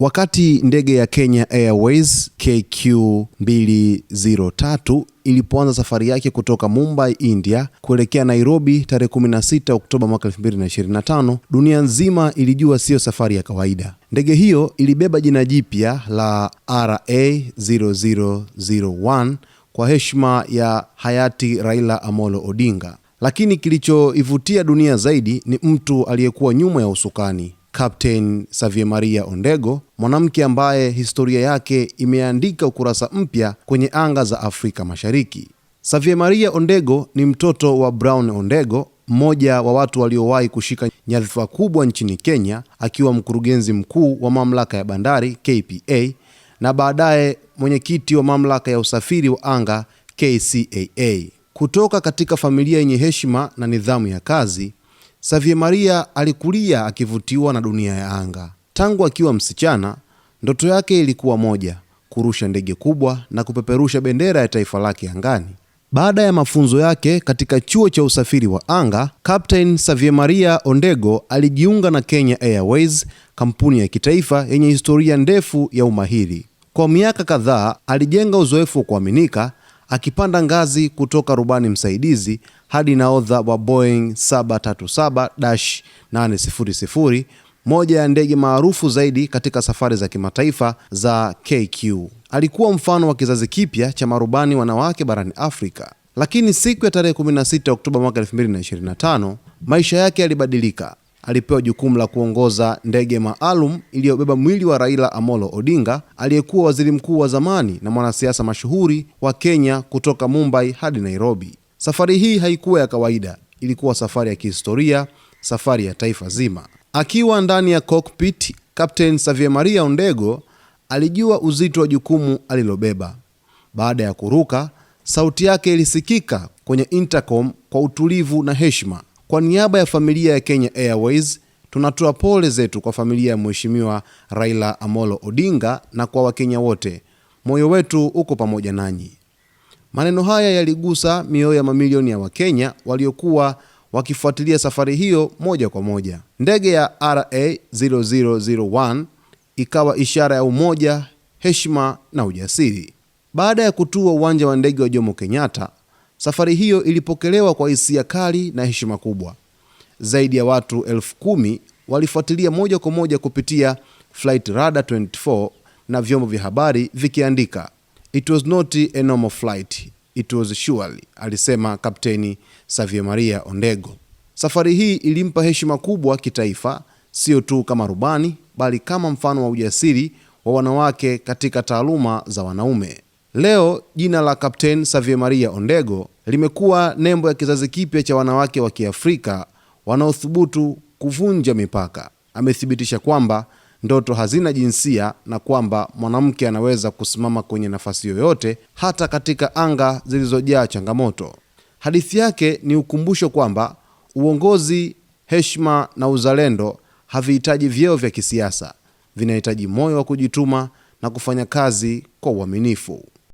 Wakati ndege ya Kenya Airways KQ203 ilipoanza safari yake kutoka Mumbai, India kuelekea Nairobi tarehe 16 Oktoba mwaka 2025, dunia nzima ilijua siyo safari ya kawaida. Ndege hiyo ilibeba jina jipya la RA0001 kwa heshima ya hayati Raila Amolo Odinga, lakini kilichoivutia dunia zaidi ni mtu aliyekuwa nyuma ya usukani Captain Savie Maria Ondego, mwanamke ambaye historia yake imeandika ukurasa mpya kwenye anga za Afrika Mashariki. Savie Maria Ondego ni mtoto wa Brown Ondego, mmoja wa watu waliowahi kushika nyadhifa kubwa nchini Kenya, akiwa mkurugenzi mkuu wa mamlaka ya bandari KPA na baadaye mwenyekiti wa mamlaka ya usafiri wa anga KCAA. Kutoka katika familia yenye heshima na nidhamu ya kazi, Xavier Maria alikulia akivutiwa na dunia ya anga. Tangu akiwa msichana, ndoto yake ilikuwa moja, kurusha ndege kubwa na kupeperusha bendera ya taifa lake angani. Baada ya mafunzo yake katika chuo cha usafiri wa anga, Captain Xavier Maria Ondego alijiunga na Kenya Airways, kampuni ya kitaifa yenye historia ndefu ya umahiri. Kwa miaka kadhaa alijenga uzoefu wa kuaminika akipanda ngazi kutoka rubani msaidizi hadi naodha wa Boeing 737-800, moja ya ndege maarufu zaidi katika safari za kimataifa za KQ. Alikuwa mfano wa kizazi kipya cha marubani wanawake barani Afrika. Lakini siku ya tarehe 16 Oktoba mwaka 2025, maisha yake yalibadilika alipewa jukumu la kuongoza ndege maalum iliyobeba mwili wa Raila Amolo Odinga aliyekuwa waziri mkuu wa zamani na mwanasiasa mashuhuri wa Kenya kutoka Mumbai hadi Nairobi. Safari hii haikuwa ya kawaida, ilikuwa safari ya kihistoria, safari ya taifa zima. Akiwa ndani ya cockpit, Captain Xavier Maria Ondego alijua uzito wa jukumu alilobeba. Baada ya kuruka, sauti yake ilisikika kwenye intercom kwa utulivu na heshima. Kwa niaba ya familia ya Kenya Airways tunatoa pole zetu kwa familia ya Mheshimiwa Raila Amolo Odinga na kwa Wakenya wote. Moyo wetu uko pamoja nanyi. Maneno haya yaligusa mioyo ya mamilioni ya Wakenya waliokuwa wakifuatilia safari hiyo moja kwa moja. Ndege ya RA0001 ikawa ishara ya umoja, heshima na ujasiri. Baada ya kutua uwanja wa ndege wa Jomo Kenyatta, Safari hiyo ilipokelewa kwa hisia kali na heshima kubwa. Zaidi ya watu elfu kumi walifuatilia moja kwa moja kupitia Flight Radar 24 na vyombo vya habari vikiandika, It was not a normal flight. It was surely, alisema Kapteni Savio Maria Ondego. Safari hii ilimpa heshima kubwa kitaifa, sio tu kama rubani, bali kama mfano wa ujasiri wa wanawake katika taaluma za wanaume. Leo jina la Captain Savie Maria Ondego limekuwa nembo ya kizazi kipya cha wanawake wa Kiafrika wanaothubutu kuvunja mipaka. Amethibitisha kwamba ndoto hazina jinsia na kwamba mwanamke anaweza kusimama kwenye nafasi yoyote, hata katika anga zilizojaa changamoto. Hadithi yake ni ukumbusho kwamba uongozi, heshima na uzalendo havihitaji vyeo vya kisiasa, vinahitaji moyo wa kujituma na kufanya kazi kwa uaminifu.